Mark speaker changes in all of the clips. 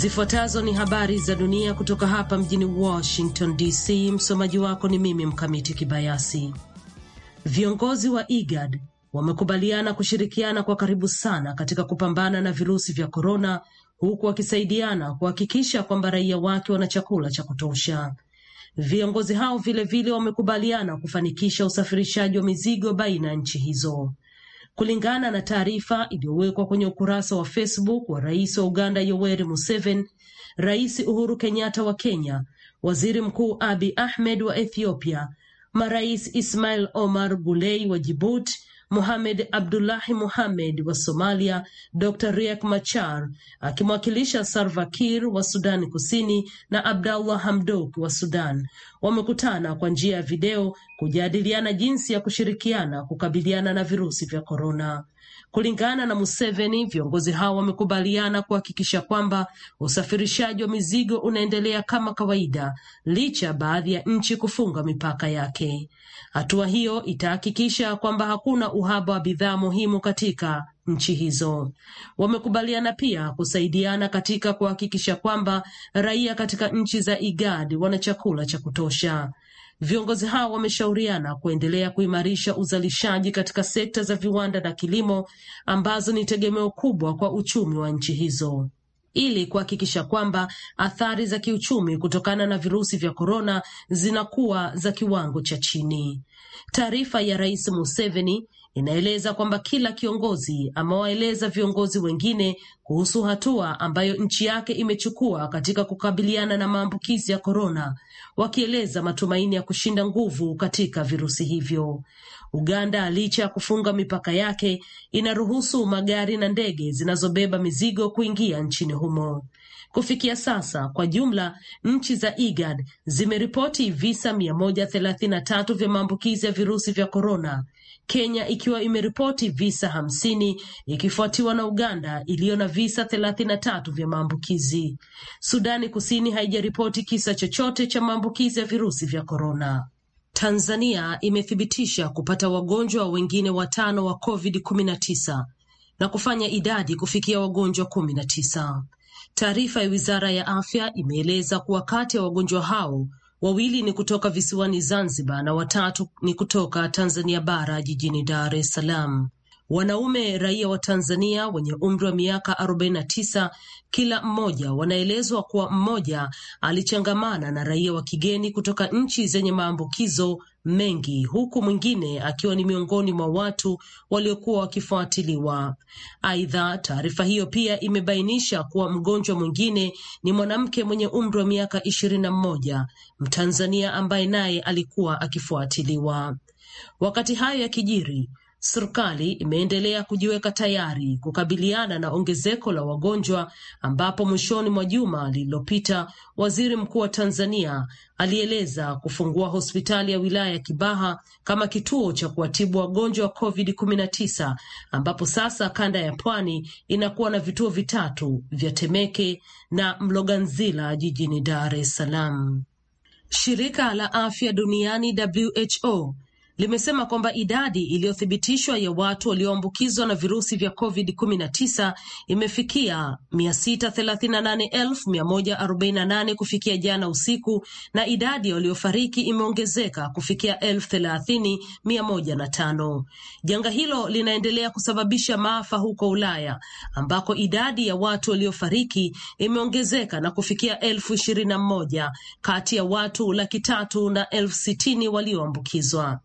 Speaker 1: Zifuatazo ni habari za dunia kutoka hapa mjini Washington DC. Msomaji wako ni mimi Mkamiti Kibayasi. Viongozi wa IGAD wamekubaliana kushirikiana kwa karibu sana katika kupambana na virusi vya korona, huku wakisaidiana kuhakikisha kwamba raia wake wana chakula cha kutosha. Viongozi hao vilevile vile wamekubaliana kufanikisha usafirishaji wa mizigo baina ya nchi hizo kulingana na taarifa iliyowekwa kwenye ukurasa wa Facebook wa rais wa Uganda Yoweri Museveni, Rais Uhuru Kenyatta wa Kenya, Waziri Mkuu Abi Ahmed wa Ethiopia, marais Ismail Omar Gulei wa Jibuti Mohamed Abdullahi Mohamed wa Somalia, Dr Riek Machar akimwakilisha Salva Kiir wa Sudani Kusini na Abdallah Hamdok wa Sudan wamekutana kwa njia ya video kujadiliana jinsi ya kushirikiana kukabiliana na virusi vya korona. Kulingana na Museveni, viongozi hao wamekubaliana kuhakikisha kwamba usafirishaji wa mizigo unaendelea kama kawaida licha ya baadhi ya nchi kufunga mipaka yake. Hatua hiyo itahakikisha kwamba hakuna uhaba wa bidhaa muhimu katika nchi hizo. Wamekubaliana pia kusaidiana katika kuhakikisha kwamba raia katika nchi za IGAD wana chakula cha kutosha. Viongozi hao wameshauriana kuendelea kuimarisha uzalishaji katika sekta za viwanda na kilimo ambazo ni tegemeo kubwa kwa uchumi wa nchi hizo ili kuhakikisha kwamba athari za kiuchumi kutokana na virusi vya korona zinakuwa za kiwango cha chini. Taarifa ya Rais Museveni inaeleza kwamba kila kiongozi amewaeleza viongozi wengine kuhusu hatua ambayo nchi yake imechukua katika kukabiliana na maambukizi ya korona, wakieleza matumaini ya kushinda nguvu katika virusi hivyo. Uganda, licha ya kufunga mipaka yake, inaruhusu magari na ndege zinazobeba mizigo kuingia nchini humo. Kufikia sasa kwa jumla nchi za IGAD zimeripoti visa mia moja na tatu vya maambukizi ya virusi vya korona, Kenya ikiwa imeripoti visa hamsini ikifuatiwa na Uganda iliyo na visa thelathini na tatu vya maambukizi. Sudani Kusini haijaripoti kisa chochote cha maambukizi ya virusi vya korona. Tanzania imethibitisha kupata wagonjwa wengine watano wa COVID-19 na kufanya idadi kufikia wagonjwa kumi na tisa. Taarifa ya Wizara ya Afya imeeleza kuwa kati ya wagonjwa hao wawili ni kutoka visiwani Zanzibar na watatu ni kutoka Tanzania bara jijini Dar es Salaam. Wanaume raia wa Tanzania wenye umri wa miaka 49 kila mmoja, wanaelezwa kuwa mmoja alichangamana na raia wa kigeni kutoka nchi zenye maambukizo mengi, huku mwingine akiwa ni miongoni mwa watu waliokuwa wakifuatiliwa. Aidha, taarifa hiyo pia imebainisha kuwa mgonjwa mwingine ni mwanamke mwenye umri wa miaka ishirini na mmoja Mtanzania ambaye naye alikuwa akifuatiliwa. Wakati hayo yakijiri, serikali imeendelea kujiweka tayari kukabiliana na ongezeko la wagonjwa, ambapo mwishoni mwa juma lililopita waziri mkuu wa Tanzania alieleza kufungua hospitali ya wilaya ya Kibaha kama kituo cha kuwatibu wagonjwa wa COVID-19, ambapo sasa kanda ya Pwani inakuwa na vituo vitatu vya Temeke na Mloganzila jijini Dar es Salaam. Shirika la Afya Duniani WHO limesema kwamba idadi iliyothibitishwa ya watu walioambukizwa na virusi vya COVID-19 imefikia 638,148 kufikia jana usiku na idadi waliofariki imeongezeka kufikia 30,105. Janga hilo linaendelea kusababisha maafa huko Ulaya ambako idadi ya watu waliofariki imeongezeka na kufikia elfu na moja kati ya watu laki tatu na elfu sitini walioambukizwa.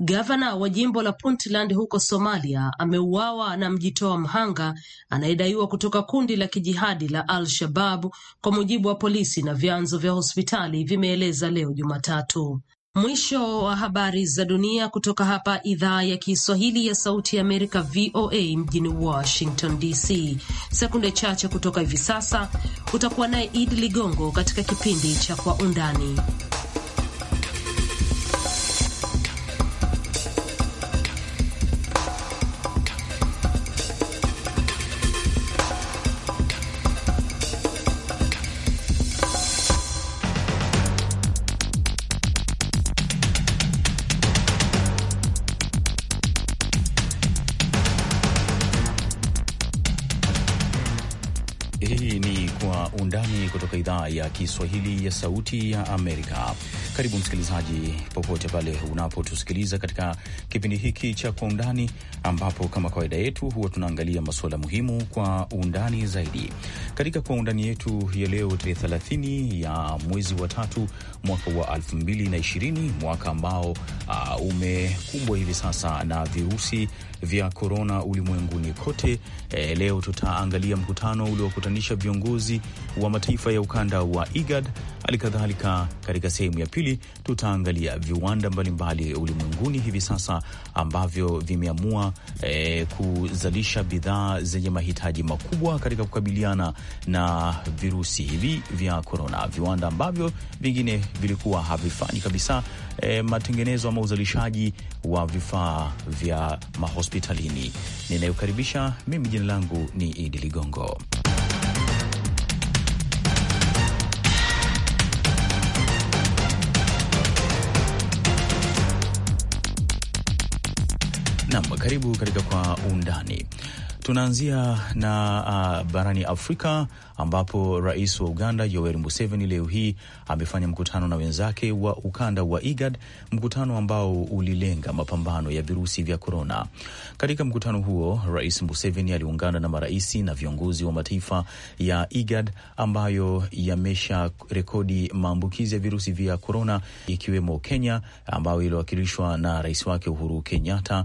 Speaker 1: Gavana wa jimbo la Puntland huko Somalia ameuawa na mjitoa mhanga anayedaiwa kutoka kundi la kijihadi la Al Shabab, kwa mujibu wa polisi na vyanzo vya hospitali vimeeleza leo Jumatatu. Mwisho wa habari za dunia kutoka hapa idhaa ya Kiswahili ya Sauti ya Amerika, VOA mjini Washington DC. Sekunde chache kutoka hivi sasa utakuwa naye Idi Ligongo katika kipindi cha Kwa Undani.
Speaker 2: Kiswahili ya Sauti ya Amerika. Karibu msikilizaji, popote pale unapotusikiliza katika kipindi hiki cha Kwa Undani, ambapo kama kawaida yetu huwa tunaangalia masuala muhimu kwa undani zaidi. Katika kwa undani yetu ya leo tarehe 30 ya mwezi wa tatu mwaka wa 2020, mwaka ambao uh, umekumbwa hivi sasa na virusi vya korona ulimwenguni kote. E, leo tutaangalia mkutano uliokutanisha viongozi wa mataifa ya ukanda wa IGAD. Halikadhalika, katika sehemu ya pili tutaangalia viwanda mbalimbali ulimwenguni hivi sasa ambavyo vimeamua e, kuzalisha bidhaa zenye mahitaji makubwa katika kukabiliana na virusi hivi vya korona, viwanda ambavyo vingine vilikuwa havifanyi kabisa e, matengenezo ama uzalishaji wa vifaa vya mahospitalini. Ninayokaribisha mimi, jina langu ni Idi Ligongo. Nam, karibu katika Kwa Undani. Tunaanzia na uh, barani Afrika ambapo rais wa Uganda Yoweri Museveni leo hii amefanya mkutano na wenzake wa ukanda wa IGAD, mkutano ambao ulilenga mapambano ya virusi vya korona. Katika mkutano huo, Rais Museveni aliungana na maraisi na viongozi wa mataifa ya IGAD ambayo yamesha rekodi maambukizi ya virusi vya korona, ikiwemo Kenya ambayo iliwakilishwa na rais wake Uhuru Kenyatta.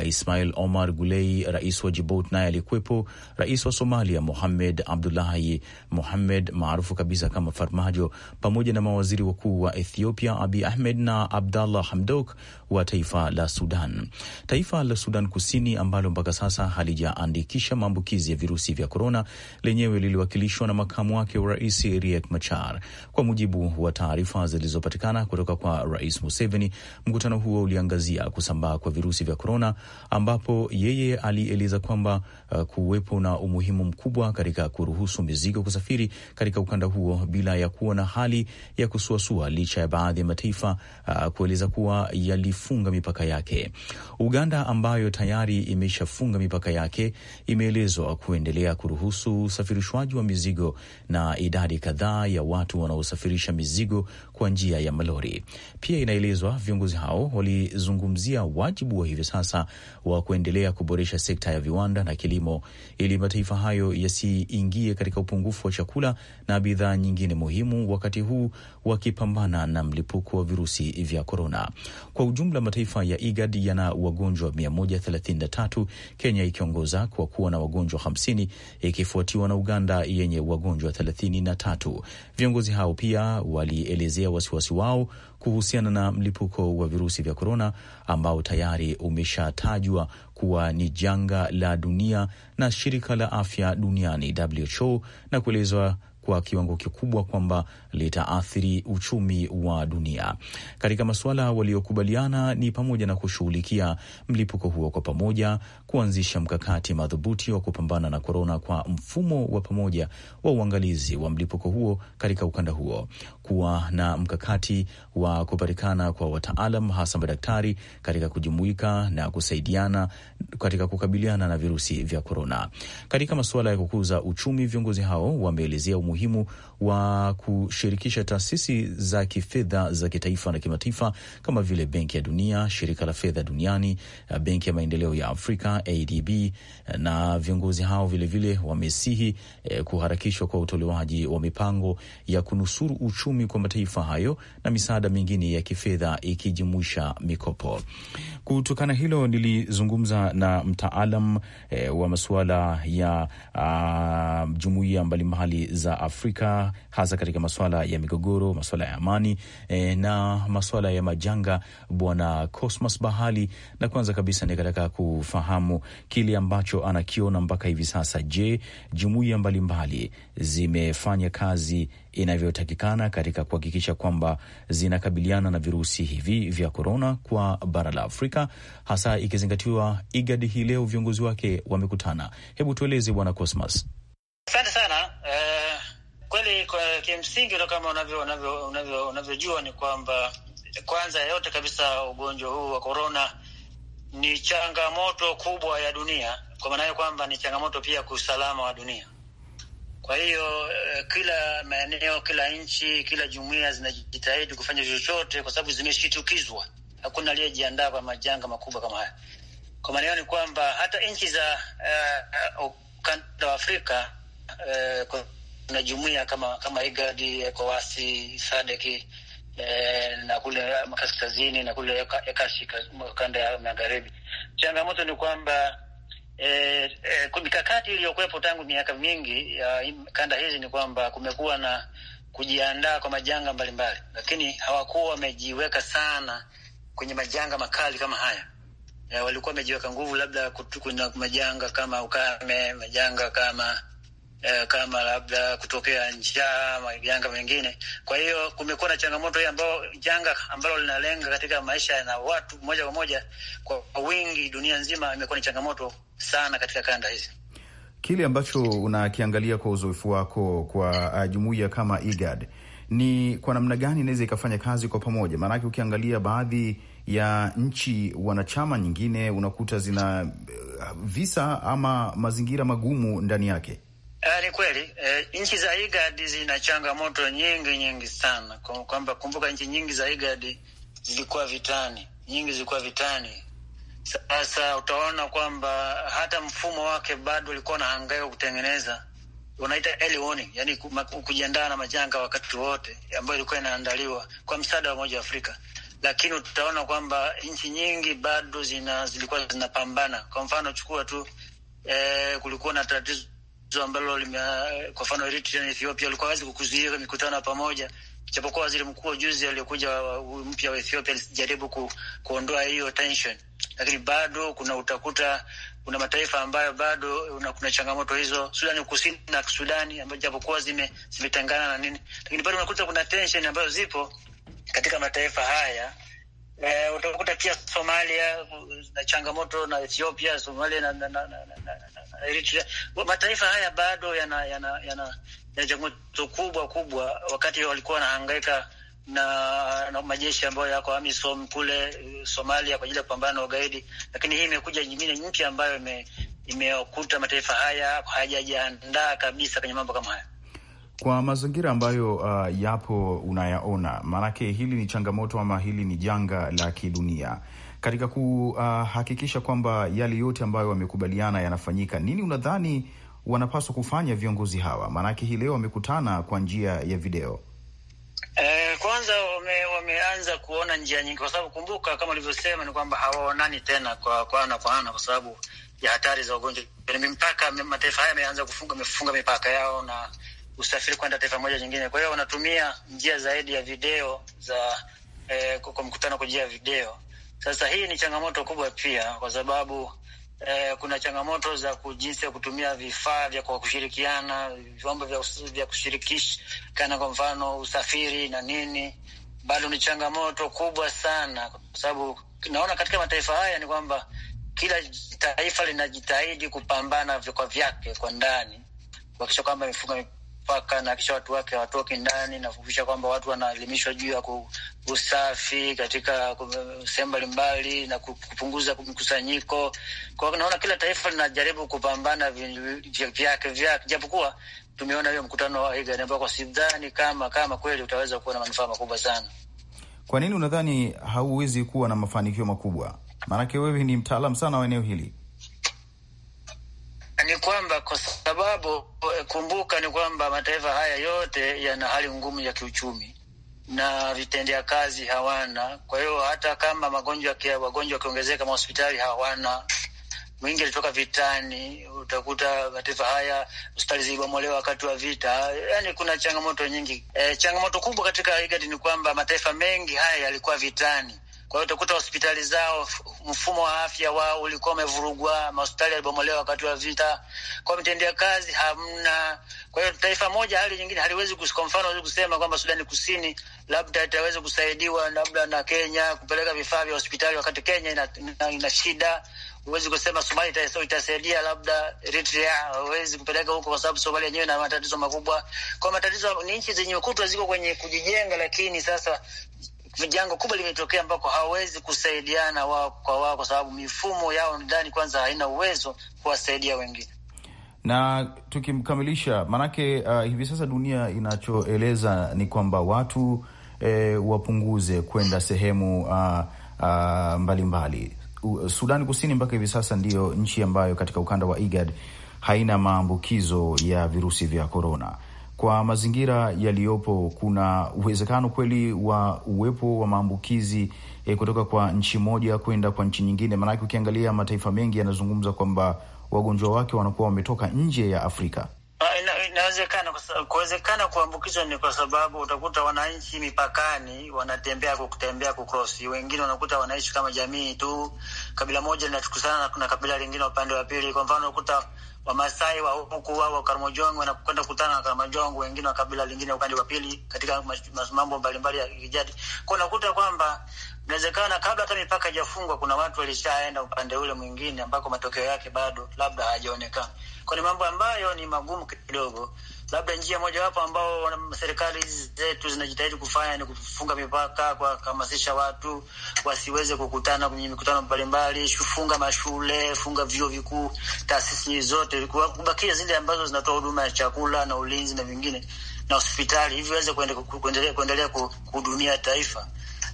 Speaker 2: Uh, Ismail Omar Gulei, rais wa Djibouti, naye alikuwepo. Rais wa Somalia Mohamed Abdullahi Abiy Mohamed maarufu kabisa kama Farmajo, pamoja na mawaziri wakuu wa Ethiopia abi Ahmed na Abdallah Hamdok wa taifa la Sudan. Taifa la Sudan Kusini ambalo mpaka sasa halijaandikisha maambukizi ya virusi vya korona, lenyewe liliwakilishwa na makamu wake wa rais Riek Machar. Kwa mujibu wa taarifa zilizopatikana kutoka kwa Rais Museveni, mkutano huo uliangazia kusambaa kwa virusi vya korona, ambapo yeye alieleza kwamba uh, kuwepo na umuhimu mkubwa katika kuruhusu mizigo kusafiri katika ukanda huo bila ya kuwa na hali ya kusuasua licha ya baadhi ya mataifa uh, kueleza kuwa yalifunga mipaka yake. Uganda ambayo tayari imeshafunga mipaka yake imeelezwa kuendelea kuruhusu usafirishwaji wa mizigo na idadi kadhaa ya watu wanaosafirisha mizigo kwa njia ya malori. Pia inaelezwa viongozi hao walizungumzia wajibu wa hivi sasa wa kuendelea kuboresha sekta ya viwanda na kilimo ili mataifa hayo yasiingie katika upungufu wa chakula na bidhaa nyingine muhimu, wakati huu wakipambana na mlipuko wa virusi vya korona. Kwa ujumla, mataifa ya IGAD yana wagonjwa 133, Kenya ikiongoza kwa kuwa na wagonjwa 50 ikifuatiwa na Uganda yenye wagonjwa 33. Viongozi hao pia walielezea wasiwasi wao kuhusiana na mlipuko wa virusi vya korona ambao tayari umeshatajwa kuwa ni janga la dunia na shirika la afya duniani WHO na kuelezwa kwa kiwango kikubwa kwamba litaathiri uchumi wa dunia. Katika masuala waliokubaliana ni pamoja na kushughulikia mlipuko huo kwa pamoja, kuanzisha mkakati madhubuti wa kupambana na korona kwa mfumo wa pamoja wa uangalizi wa mlipuko huo katika ukanda huo, kuwa na mkakati wa kupatikana kwa wataalam hasa madaktari katika kujumuika na kusaidiana katika kukabiliana na virusi vya korona. Katika masuala ya kukuza uchumi, viongozi hao wameelezea umuhimu umuhimu wa kushirikisha taasisi za kifedha za kitaifa na kimataifa kama vile Benki ya Dunia, Shirika la Fedha Duniani, Benki ya Maendeleo ya Afrika ADB, na viongozi hao vilevile wamesihi eh, kuharakishwa kwa utolewaji wa mipango ya kunusuru uchumi kwa mataifa hayo na misaada mingine ya kifedha ikijumuisha mikopo. Kutokana hilo nilizungumza na mtaalam eh, wa masuala ya uh, ah, jumuiya mbalimbali za Afrika, hasa katika masuala ya migogoro, masuala ya amani e, na masuala ya majanga, Bwana Cosmas Bahali, na kwanza kabisa nikataka kufahamu kile ambacho anakiona mpaka hivi sasa. Je, jumuiya mbalimbali zimefanya kazi inavyotakikana katika kuhakikisha kwamba zinakabiliana na virusi hivi vya korona kwa bara la Afrika, hasa ikizingatiwa IGAD hii leo viongozi wake wamekutana. Hebu tueleze Bwana Cosmas.
Speaker 3: Asante sana. Eh, Nafikiri kwa kimsingi, kama unavyojua ni kwamba kwanza yote kabisa ugonjwa huu wa korona ni changamoto kubwa ya dunia, kwa maana hiyo kwamba ni changamoto pia kwa usalama wa dunia. Kwa hiyo eh, kila maeneo, kila nchi, kila jumuiya zinajitahidi kufanya chochote, kwa sababu zimeshitukizwa. Hakuna aliyejiandaa kwa majanga makubwa kama haya. Kwa maana hiyo ni kwamba hata nchi za eh, eh, ukanda uh, uh, wa Afrika uh, na jumuia kama kama IGADI, ECOWASI, SADEKI e, eh, na kule kaskazini na kule Ekashi kanda ya magharibi. Changamoto ni kwamba eh, e, mikakati iliyokuwepo tangu miaka mingi ya kanda hizi ni kwamba kumekuwa na kujiandaa kwa majanga mbalimbali, lakini hawakuwa wamejiweka sana kwenye majanga makali kama haya. Ya, eh, walikuwa wamejiweka nguvu labda kuna majanga kama ukame, majanga kama eh, kama labda kutokea njaa, majanga mengine. Kwa hiyo kumekuwa na changamoto hii ambayo janga ambalo linalenga katika maisha na watu moja kwa moja kwa wingi dunia nzima, imekuwa ni changamoto sana katika kanda hizi.
Speaker 2: Kile ambacho unakiangalia kwa uzoefu wako kwa uh, jumuiya kama IGAD ni kwa namna gani inaweza ikafanya kazi kwa pamoja? Maanake ukiangalia baadhi ya nchi wanachama nyingine unakuta zina uh, visa ama mazingira magumu ndani yake.
Speaker 3: Uh, ni kweli uh, nchi za IGAD zina changamoto nyingi nyingi sana, kwamba kumbuka, nchi nyingi za IGAD zilikuwa vitani, nyingi zilikuwa vitani. Sasa utaona kwamba hata mfumo wake bado ulikuwa na unahangaika kutengeneza, unaita early warning, yani kujiandaa na majanga wakati wote, ambayo ilikuwa inaandaliwa kwa msaada wa Umoja wa Afrika, lakini utaona kwamba nchi nyingi bado zina, zilikuwa zinapambana. Kwa mfano chukua tu eh, kulikuwa na tatizo ambalo lime, kwa mfano Eritrea na Ethiopia walikuwa wazi kukuzuia mikutano ya pamoja, japokuwa waziri mkuu wa juzi aliyokuja mpya wa Ethiopia alijaribu ku, kuondoa hiyo tension, lakini bado kuna utakuta kuna mataifa ambayo bado una, kuna changamoto hizo. Sudani Kusini na Sudani ambayo japokuwa zime zimetengana na nini, lakini bado unakuta kuna tension ambazo zipo katika mataifa haya. E, utakuta pia Somalia na changamoto na Ethiopia, Somalia na, na, na, na, na, na Eritrea. Mataifa haya bado yana yana yana ya changamoto kubwa kubwa, wakati walikuwa wanahangaika na, na majeshi ambayo yako AMISOM kule eh, Somalia kwa ajili ya kupambana na ugaidi, lakini hii imekuja nyingine mpya ambayo imewakuta mataifa haya hayajajiandaa kabisa kwenye mambo kama haya
Speaker 2: kwa mazingira ambayo uh, yapo unayaona, maanake hili ni changamoto ama hili ni janga la kidunia katika kuhakikisha kwamba yale yote ambayo wamekubaliana yanafanyika. Nini unadhani wanapaswa kufanya viongozi hawa? Maanake hii leo wamekutana kwa njia ya video.
Speaker 3: Eh, kwanza wame, wameanza kuona njia nyingi, kwa sababu kumbuka, kama ulivyosema, ni kwamba hawaonani tena kwa kwa ana kwa ana, kwa sababu ya hatari za ugonjwa. Yaani mipaka mataifa haya yameanza kufunga mefunga mipaka yao na usafiri kwenda taifa moja nyingine, kwa hiyo wanatumia njia zaidi ya video za eh, kwa mkutano kwa njia ya video sasa hii ni changamoto kubwa pia, kwa sababu eh, kuna changamoto za jinsi ya kutumia vifaa vya kwa kushirikiana, vyombo vya, vya kushirikishana, kwa mfano usafiri na nini, bado ni changamoto kubwa sana, kwa sababu naona katika mataifa haya ni kwamba kila taifa linajitahidi kupambana kwa vyake kwa ndani kuhakikisha kwamba imefunga mipaka na kisha watu wake hawatoki ndani na kuhakikisha kwamba watu wanaelimishwa juu ya usafi katika sehemu mbalimbali na kupunguza mkusanyiko. Kwa hiyo naona kila taifa linajaribu kupambana vyake vyake, japokuwa tumeona hiyo mkutano wa IGAD ambao sidhani kama kama kweli utaweza kuwa na manufaa makubwa sana.
Speaker 2: Kwa nini unadhani hauwezi kuwa na mafanikio makubwa? Maanake wewe ni mtaalam sana wa eneo hili.
Speaker 3: Ni kwamba kwa sababu eh, kumbuka, ni kwamba mataifa haya yote yana hali ngumu ya kiuchumi na vitendea kazi hawana. Kwa hiyo hata kama magonjwa wagonjwa wakiongezeka mahospitali hawana mwingi alitoka vitani. Utakuta mataifa haya hospitali zilibomolewa wakati wa vita. Yani kuna changamoto nyingi. E, changamoto kubwa katika IGAD ni kwamba mataifa mengi haya yalikuwa vitani kwa hiyo utakuta hospitali zao, mfumo wa afya wao ulikuwa umevurugwa, mahospitali yalibomolewa wakati wa vita, kwa mtendea kazi hamna. Kwa hiyo taifa moja hali nyingine haliwezi kwa mfano, hawezi kusema kwamba Sudani Kusini labda itaweza kusaidiwa labda na Kenya kupeleka vifaa vya hospitali wakati Kenya ina, ina, ina shida Huwezi kusema Somalia itasaidia labda Eritrea, hawezi kupeleka huko kwa sababu Somalia yenyewe ina matatizo makubwa. Kwa matatizo ni nchi zenye kutwa ziko kwenye kujijenga, lakini sasa vijango kubwa limetokea ambako hawawezi kusaidiana wao kwa wao, kwa sababu mifumo yao ndani kwanza haina uwezo kuwasaidia wengine.
Speaker 2: Na tukimkamilisha, maanake uh, hivi sasa dunia inachoeleza ni kwamba watu eh, wapunguze kwenda sehemu uh, uh, mbalimbali. Sudani Kusini mpaka hivi sasa ndiyo nchi ambayo katika ukanda wa IGAD haina maambukizo ya virusi vya korona kwa mazingira yaliyopo, kuna uwezekano kweli wa uwepo wa maambukizi e, kutoka kwa nchi moja kwenda kwa nchi nyingine? Maanake ukiangalia mataifa mengi yanazungumza kwamba wagonjwa wake wanakuwa wametoka nje ya Afrika.
Speaker 3: Ah, inawezekana kuwezekana kuambukizwa ni kwa sababu utakuta wananchi mipakani wanatembea kutembea kukrosi, wengine wanakuta wanaishi kama jamii tu, kabila moja linachukusana na kabila lingine upande wa pili. Kwa mfano, unakuta Wamasai wa huku wao wa wanakwenda kukutana na Karmojong wengine wa kabila lingine upande wa pili katika mambo mbalimbali ya kijadi. Kwa unakuta kwamba inawezekana kabla hata mipaka haijafungwa kuna watu walishaenda upande ule mwingine ambako matokeo yake bado labda hayajaonekana. Kwa ni mambo ambayo ni magumu kidogo. Labda njia mojawapo ambao serikali zetu zinajitahidi kufanya ni kufunga mipaka, kuwahamasisha watu wasiweze kukutana kwenye mikutano mbalimbali, kufunga mashule, funga vyuo vikuu, taasisi zote, kubakia zile ambazo zinatoa huduma ya chakula na ulinzi na vingine na hospitali, hivyo waweze kuendelea kuhudumia taifa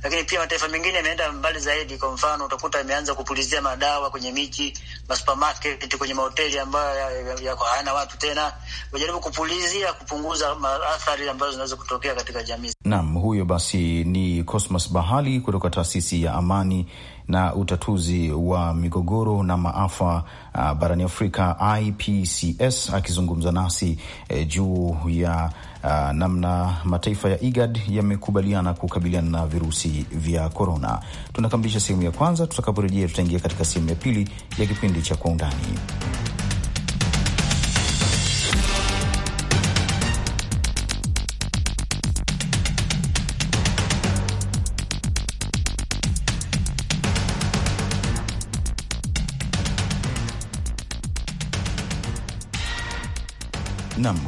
Speaker 3: lakini pia mataifa mengine yameenda mbali zaidi. Kwa mfano, utakuta ameanza kupulizia madawa kwenye miji, masupermarket, kwenye mahoteli ambayo yako hayana watu tena, wajaribu kupulizia kupunguza athari ambazo zinaweza kutokea katika jamii.
Speaker 2: Naam, huyo basi ni Cosmas Bahali kutoka taasisi ya Amani na utatuzi wa migogoro na maafa uh, barani Afrika IPCS akizungumza nasi eh, juu ya Uh, namna mataifa ya IGAD yamekubaliana kukabiliana na virusi vya korona. Tunakamilisha sehemu ya kwanza. Tutakaporejea, tutaingia katika sehemu ya pili ya kipindi cha Kwa Undani.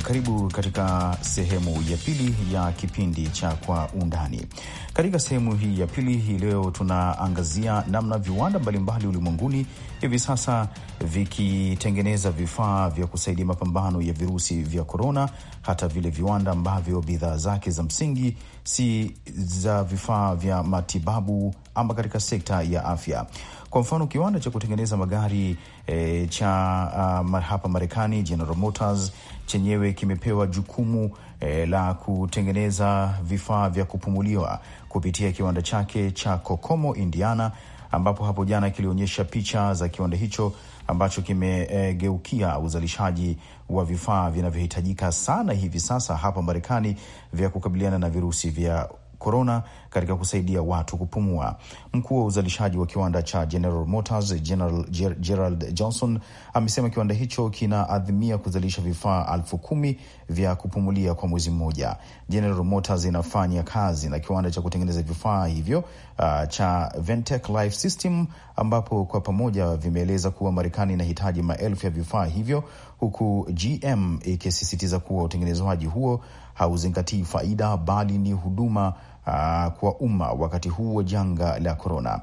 Speaker 2: Karibu katika sehemu ya pili ya kipindi cha Kwa Undani. Katika sehemu hii ya pili hii leo tunaangazia namna viwanda mbalimbali ulimwenguni hivi sasa vikitengeneza vifaa vya kusaidia mapambano ya virusi vya korona, hata vile viwanda ambavyo bidhaa zake za msingi si za vifaa vya matibabu ama katika sekta ya afya. Kwa mfano kiwanda cha kutengeneza magari e, cha uh, hapa Marekani General Motors chenyewe kimepewa jukumu e, la kutengeneza vifaa vya kupumuliwa kupitia kiwanda chake cha Kokomo, Indiana, ambapo hapo jana kilionyesha picha za kiwanda hicho ambacho kimegeukia e, uzalishaji wa vifaa vinavyohitajika sana hivi sasa hapa Marekani vya kukabiliana na virusi vya korona katika kusaidia watu kupumua. Mkuu wa uzalishaji wa kiwanda cha General Motors General Ger Gerald Johnson amesema kiwanda hicho kinaadhimia kuzalisha vifaa elfu kumi vya kupumulia kwa mwezi mmoja. General Motors inafanya kazi na kiwanda cha kutengeneza vifaa hivyo uh, cha Ventec Life System ambapo kwa pamoja vimeeleza kuwa Marekani inahitaji maelfu ya vifaa hivyo huku GM ikisisitiza kuwa utengenezwaji huo hauzingatii faida bali ni huduma Uh, kwa umma wakati huu wa janga la korona.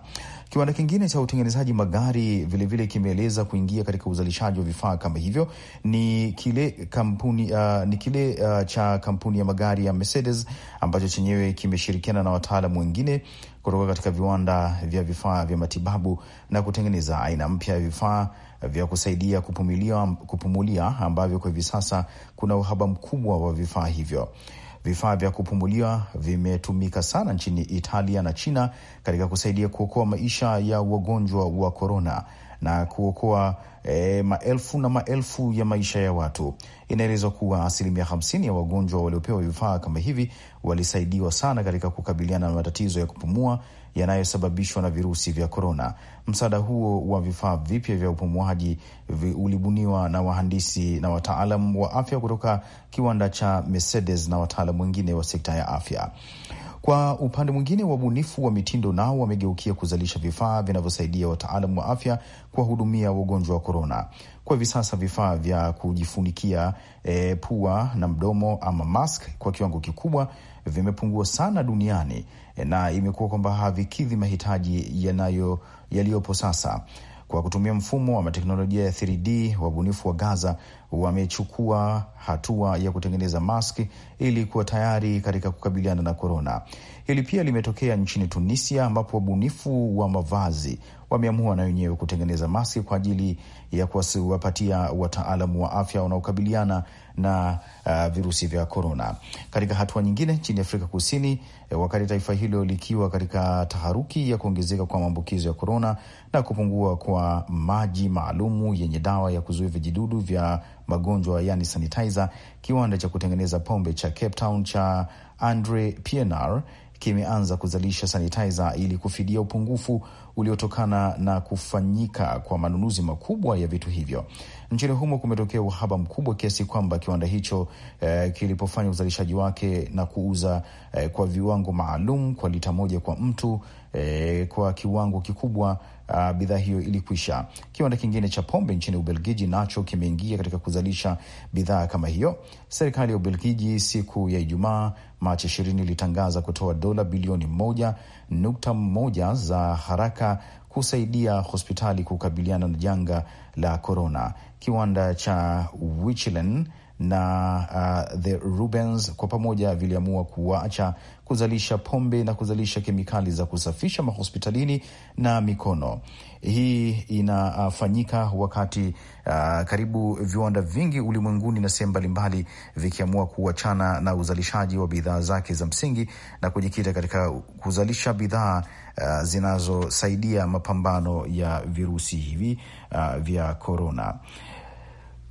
Speaker 2: Kiwanda kingine cha utengenezaji magari vilevile kimeeleza kuingia katika uzalishaji wa vifaa kama hivyo ni kile kampuni uh, ni kile uh, cha kampuni ya magari ya Mercedes ambacho chenyewe kimeshirikiana na wataalamu wengine kutoka katika viwanda vya vifaa vya matibabu na kutengeneza aina mpya ya vifaa vya kusaidia kupumulia, kupumulia ambavyo kwa hivi sasa kuna uhaba mkubwa wa vifaa hivyo. Vifaa vya kupumulia vimetumika sana nchini Italia na China katika kusaidia kuokoa maisha ya wagonjwa wa korona na kuokoa e, maelfu na maelfu ya maisha ya watu. Inaelezwa kuwa asilimia hamsini ya wagonjwa waliopewa vifaa kama hivi walisaidiwa sana katika kukabiliana na matatizo ya kupumua yanayosababishwa na virusi vya korona. Msaada huo wa vifaa vipya vya upumuaji ulibuniwa na wahandisi na wataalam wa afya kutoka kiwanda cha Mercedes na wataalam wengine wa sekta ya afya. Kwa upande mwingine, wabunifu wa mitindo nao wamegeukia kuzalisha vifaa vinavyosaidia wataalam wa afya kuwahudumia wagonjwa wa korona. Kwa hivi sasa vifaa vya kujifunikia e, pua na mdomo ama mask kwa kiwango kikubwa vimepungua sana duniani eh, na imekuwa kwamba havikidhi mahitaji yanayo yaliyopo sasa. Kwa kutumia mfumo wa teknolojia ya 3D wabunifu wa Gaza wamechukua hatua ya kutengeneza maski ili kuwa tayari katika kukabiliana na korona. Hili pia limetokea nchini Tunisia ambapo wabunifu wa mavazi wameamua na wenyewe kutengeneza maski kwa ajili ya kuwapatia wataalamu wa afya wanaokabiliana na uh, virusi vya korona. Katika hatua nyingine, nchini Afrika Kusini, eh, wakati taifa hilo likiwa katika taharuki ya kuongezeka kwa maambukizo ya korona na kupungua kwa maji maalumu yenye dawa ya kuzuia vijidudu vya magonjwa yani sanitizer, kiwanda cha kutengeneza pombe cha Cape Town cha Andre Pienaar kimeanza kuzalisha sanitizer ili kufidia upungufu uliotokana na kufanyika kwa manunuzi makubwa ya vitu hivyo. Nchini humo kumetokea uhaba mkubwa kiasi kwamba kiwanda hicho eh, kilipofanya uzalishaji wake na kuuza eh, kwa viwango maalum kwa lita moja kwa mtu eh, kwa kiwango kikubwa Uh, bidhaa hiyo ilikwisha. Kiwanda kingine cha pombe nchini Ubelgiji nacho kimeingia katika kuzalisha bidhaa kama hiyo. Serikali ya Ubelgiji siku ya Ijumaa Machi ishirini ilitangaza kutoa dola bilioni moja nukta moja za haraka kusaidia hospitali kukabiliana na janga la korona. Kiwanda cha Wichilin na uh, the Rubens kwa pamoja viliamua kuacha kuzalisha pombe na kuzalisha kemikali za kusafisha mahospitalini na mikono. Hii inafanyika wakati uh, karibu viwanda vingi ulimwenguni na sehemu mbalimbali vikiamua kuachana na uzalishaji wa bidhaa zake za msingi na kujikita katika kuzalisha bidhaa uh, zinazosaidia mapambano ya virusi hivi uh, vya korona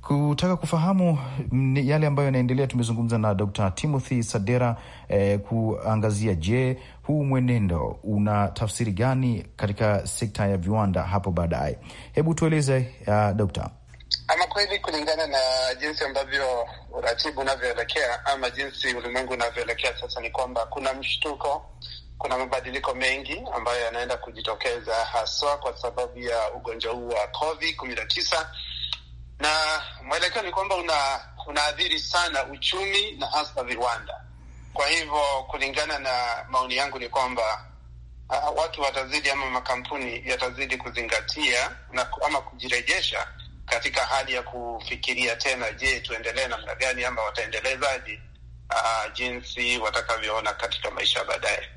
Speaker 2: kutaka kufahamu mm, yale ambayo yanaendelea. Tumezungumza na Dr. Timothy Sadera eh, kuangazia je, huu mwenendo una tafsiri gani katika sekta ya viwanda hapo baadaye. Hebu tueleze uh, dokta.
Speaker 4: Ama kweli kulingana na jinsi ambavyo uratibu unavyoelekea ama jinsi ulimwengu unavyoelekea sasa, ni kwamba kuna mshtuko, kuna mabadiliko mengi ambayo yanaenda kujitokeza, haswa kwa sababu ya ugonjwa huu wa COVID kumi na tisa na mwelekeo ni kwamba una unaathiri sana uchumi na hasa viwanda. Kwa hivyo kulingana na maoni yangu ni kwamba uh, watu watazidi ama makampuni yatazidi kuzingatia na, ama kujirejesha katika hali ya kufikiria tena, je, tuendelee namna gani ama wataendelezaji uh, jinsi watakavyoona katika maisha baadaye,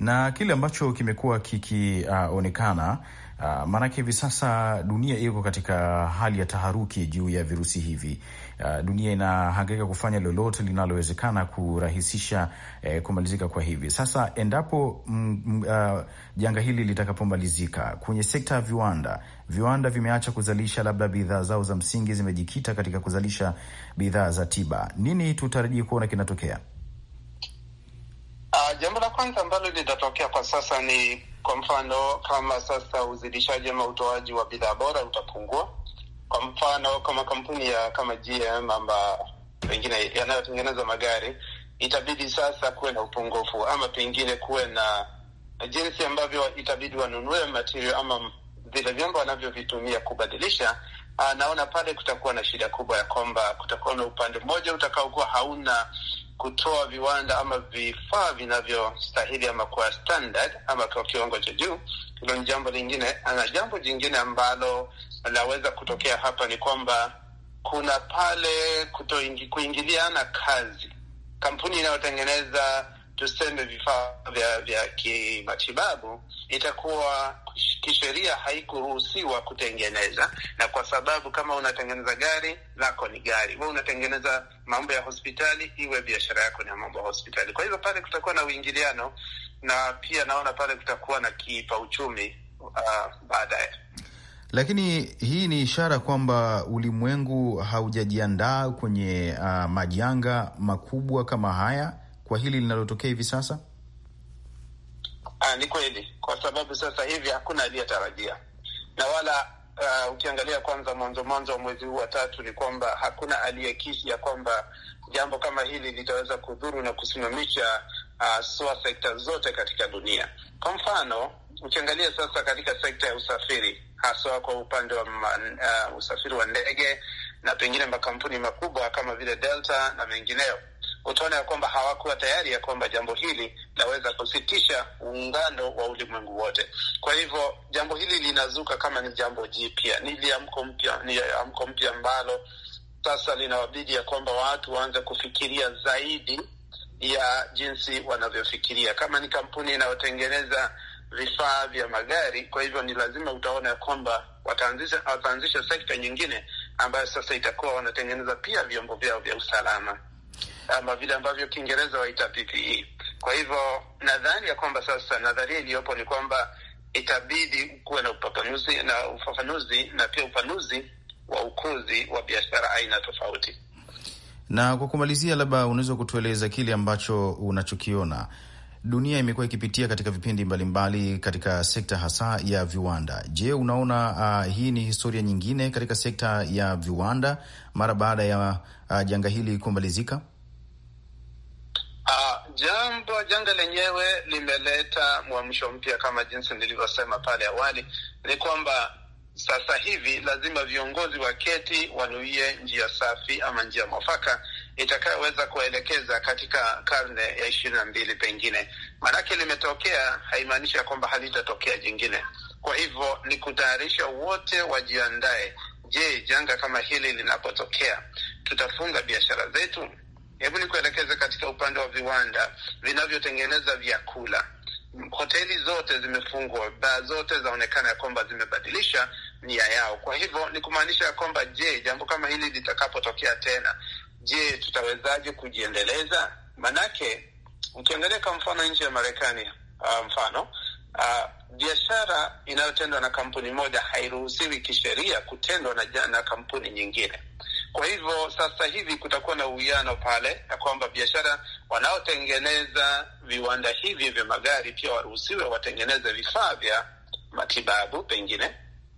Speaker 2: na kile ambacho kimekuwa kikionekana uh, Uh, maanake hivi sasa dunia iko katika hali ya taharuki juu ya virusi hivi. Uh, dunia inahangaika kufanya lolote linalowezekana kurahisisha eh, kumalizika kwa hivi sasa. Endapo mm, mm, uh, janga hili litakapomalizika, kwenye sekta ya viwanda, viwanda vimeacha kuzalisha labda bidhaa zao za msingi, zimejikita katika kuzalisha bidhaa za tiba. Nini tutarajii kuona kinatokea?
Speaker 4: Uh, jambo la kwanza ambalo litatokea kwa sasa ni kwa mfano kama sasa uzidishaji ama utoaji wa bidhaa bora utapungua. Kwa mfano kama kampuni ya kama GM ama pengine yanayotengeneza magari, itabidi sasa kuwe na upungufu ama pengine kuwe na jinsi ambavyo itabidi wanunue material ama vile vyombo wanavyovitumia kubadilisha Ah, naona pale kutakuwa na shida kubwa ya kwamba kutakuwa na upande mmoja utakaokuwa hauna kutoa viwanda ama vifaa vinavyostahili ama kwa standard ama kwa kiwango cha juu. Hilo ni jambo lingine, ah, na jambo jingine ambalo linaweza kutokea hapa ni kwamba kuna pale kuingiliana kazi. Kampuni inayotengeneza tuseme vifaa vya, vya kimatibabu, itakuwa kisheria haikuruhusiwa kutengeneza, na kwa sababu kama unatengeneza gari lako ni gari, we unatengeneza mambo ya hospitali, iwe biashara yako ni ya mambo ya hospitali. Kwa hivyo pale kutakuwa na uingiliano, na pia naona pale kutakuwa na kiipa uchumi uh, baadaye
Speaker 2: lakini hii ni ishara kwamba ulimwengu haujajiandaa kwenye uh, majanga makubwa kama haya kwa hili linalotokea hivi sasa?
Speaker 4: Aa, ah, ni kweli, kwa sababu sasa hivi hakuna aliyetarajia na wala Uh, ukiangalia kwanza mwanzo mwanzo wa mwezi huu wa tatu ni kwamba hakuna aliyekisi ya kwamba jambo kama hili litaweza kudhuru na kusimamisha uh, ah, swa sekta zote katika dunia. Kwa mfano ukiangalia sasa katika sekta ya usafiri haswa kwa upande wa uh, usafiri wa ndege na pengine makampuni makubwa kama vile Delta na mengineyo, utaona ya kwamba hawakuwa tayari ya kwamba jambo hili laweza kusitisha uungano wa ulimwengu wote. Kwa hivyo jambo hili linazuka kama ni jambo jipya, ni liamko mpya, ni amko mpya ambalo sasa linawabidi ya kwamba watu waanze kufikiria zaidi ya jinsi wanavyofikiria. Kama ni kampuni inayotengeneza vifaa vya magari, kwa hivyo ni lazima utaona ya kwamba wataanzisha wataanzisha sekta nyingine ambayo sasa itakuwa wanatengeneza pia vyombo vyao vya usalama ama vile ambavyo Kiingereza waita PPE. Kwa hivyo nadhani ya kwamba sasa, nadharia iliyopo ni kwamba itabidi kuwe na ufafanuzi na ufafanuzi na pia upanuzi wa ukuzi wa biashara aina tofauti.
Speaker 2: Na kwa kumalizia, labda unaweza kutueleza kile ambacho unachokiona dunia imekuwa ikipitia katika vipindi mbalimbali mbali katika sekta hasa ya viwanda. Je, unaona uh, hii ni historia nyingine katika sekta ya viwanda mara baada ya uh, janga hili kumalizika?
Speaker 4: Uh, jambo janga lenyewe limeleta mwamsho mpya kama jinsi nilivyosema pale awali, ni kwamba sasa hivi lazima viongozi wa keti wanuie njia safi ama njia mwafaka itakayoweza kuwaelekeza katika karne ya ishirini na mbili. Pengine maanake limetokea, haimaanishi ya kwamba halitatokea jingine. Kwa hivyo ni kutayarisha wote wajiandae. Je, janga kama hili linapotokea, tutafunga biashara zetu? Hebu nikuelekeze katika upande wa viwanda vinavyotengeneza vyakula. Hoteli zote zimefungwa, baa zote zaonekana ya kwamba zimebadilisha nia yao. Kwa hivyo ni kumaanisha ya kwamba, je, jambo kama hili litakapotokea tena, je, tutawezaje kujiendeleza? Manake ukiangalia kwa mfano nchi ya Marekani, uh, mfano uh, biashara inayotendwa na kampuni moja hairuhusiwi kisheria kutendwa na, na kampuni nyingine. Kwa hivyo sasa hivi kutakuwa na uwiano pale, ya kwamba biashara wanaotengeneza viwanda hivi vya magari pia waruhusiwe watengeneze vifaa vya matibabu pengine,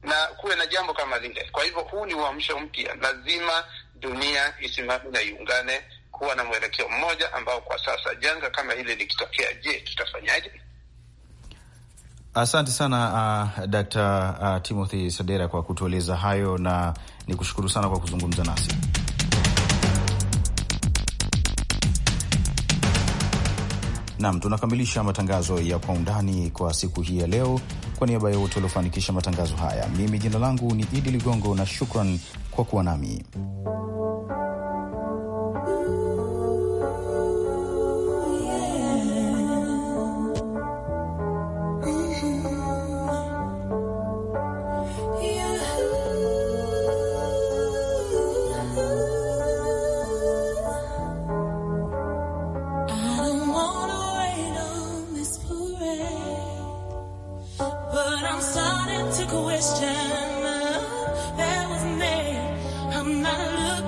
Speaker 4: na kuwe na jambo kama lile. Kwa hivyo huu ni uamsho mpya, lazima dunia isimame na iungane kuwa na mwelekeo mmoja ambao kwa sasa janga kama hili likitokea, je, tutafanyaje?
Speaker 2: Asante sana uh, Dkt uh, Timothy Sadera kwa kutueleza hayo na ni kushukuru sana kwa kuzungumza nasi. Nam, tunakamilisha matangazo ya kwa undani kwa siku hii ya leo. Kwa niaba ya wote waliofanikisha matangazo haya, mimi jina langu ni Idi Ligongo na shukran kwa kuwa nami.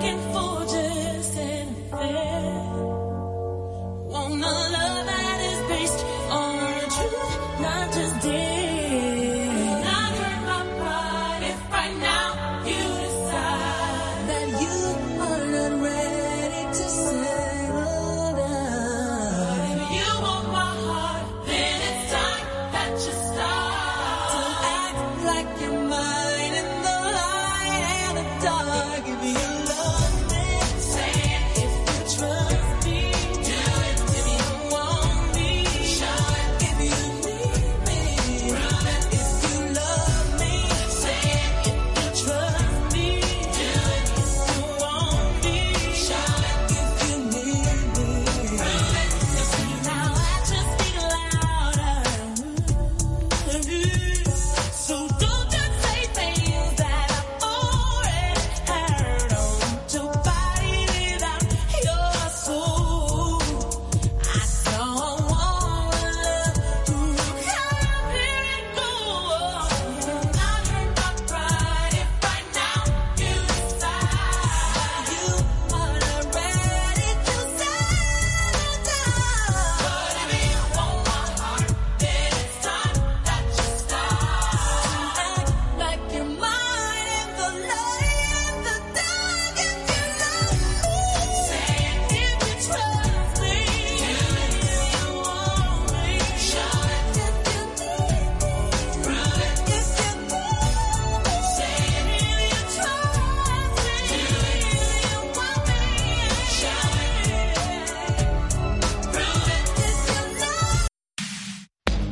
Speaker 5: looking for